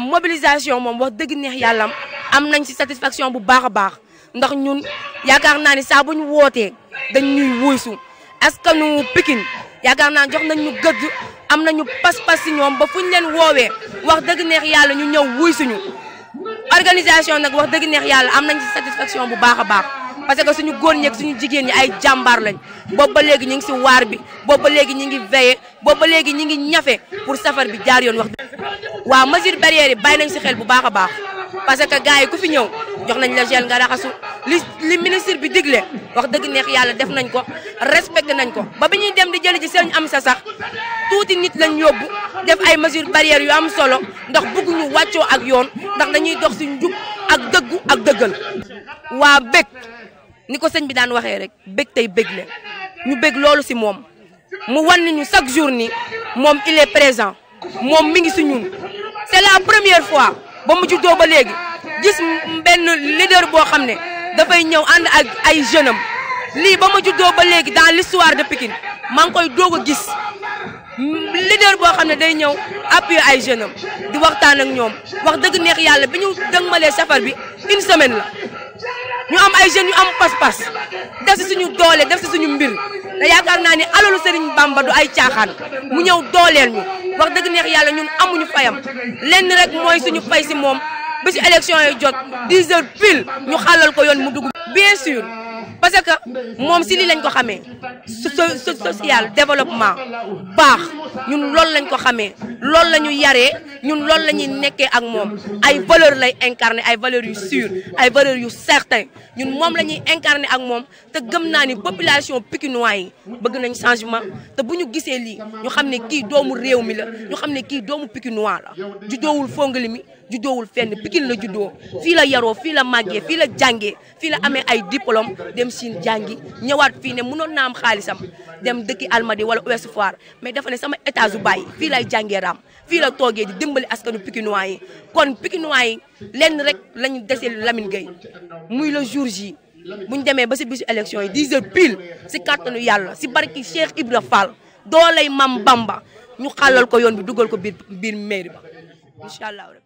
mobilisation moom wax dëgg neex yàlla am nañ ci satisfaction bu baax a baax ndax ñun yaakaar naa ni saa bu ñu wootee dañ ñuy wuysu askanu Pikine yaakaar naa jox nañ ñu gëdd am nañu pas-pas si ñoom ba fu ñu leen woowee wax dëgg neex yàlla ñu ñëw wuysuñu organisation nag wax dëgg neex yàlla am nañ ci satisfaction bu baax a baax parce que suñu góor ñeeg suñu jigéen ñi ay jàmbaar lañ boobu ba léegi ñu ngi si waar bi boobu ba léegi ñu ngi veillé boobu ba léegi ñu ngi ñafe pour safar bi jaar yoon wax waaw mesure barrière bay bàyyi nañ si xel bu baax a baax parce que gars yi ku fi ñëw jox nañ la gel nga raxasu li li ministre bi digle wax dëgg neex yàlla def nañ ko respecté nañ ko ba bi ñuy dem di jëli ci seen am sa sax tuuti nit lañ yóbbu def ay mesures barrières yu am solo ndax bëgguñu wàccoo ak yoon ndax dañuy dox si njub ak dëggu ak dëggal ni ko señ bi daan waxee rek bég tey bég la ñu bég loolu si moom mu wan ñu chaque jour ni moom il est présent moom mi ngi si ñun c'est la première fois ba mu juddoo ba léegi gis benn leader boo xam ne dafay ñëw ànd ak ay jeune am lii ba ma juddoo ba léegi dans l'histoire de Pikine maa ngi koy doog a gis leader boo xam ne day ñëw appuyer ay jeune am di waxtaan ak ñoom wax dëgg neex yàlla bi ñu dëgmalee safar bi une semaine la ñu am ay jeunes yu am pas-pas def si suñu doole def si suñu mbir te yaakaar naa ni alalu Serigne Bamba du ay caaxaan mu ñëw dooleel ñu wax dëgg neex yàlla ñun amuñu fayam lenn rek mooy suñu fay si moom ba si élection yi jot 10 heures pile ñu xàllal ko yoon mu dugg bien sûr parce que moom si lii lañ ko xamee social développement baax ñun loolu lañ ko xamee loolu la ñu yaree ñun loolu la ñuy nekkee ak moom ay valeur lay incarné ay valeurs yu sûres ay valeurs yu certain ñun moom la ñuy incarné ak moom te gëm naa ni population pikinois yi bëgg nañ changement te bu ñu gisee lii ñu xam ne kii doomu réew mi la ñu xam ne kii doomu pikinois la juddoowul fongali mi juddoowul fenn pikin la juddoo fii la yaroo fii la màggee fii la jàngee fii la amee ay diplôme dem Chine jàngi ñëwaat fii ne noon naa am xaalisam dem dëkki Almadi wala Ouest Foire mais dafa ne sama état su bàyyi fii lay jàngee raam fii la toogee di dimbali askanu Pikinois yi kon Pikinois yi lenn rek lañu dese Lamine Gueye muy le jour J bu ñu demee ba si bisu élection yi 10 heures pile si kàttanu yàlla si barki Cheikh Ibra Fall doolay Mam Bamba ñu xàllal ko yoon bi dugal ko biir biir mairie ba incha allah.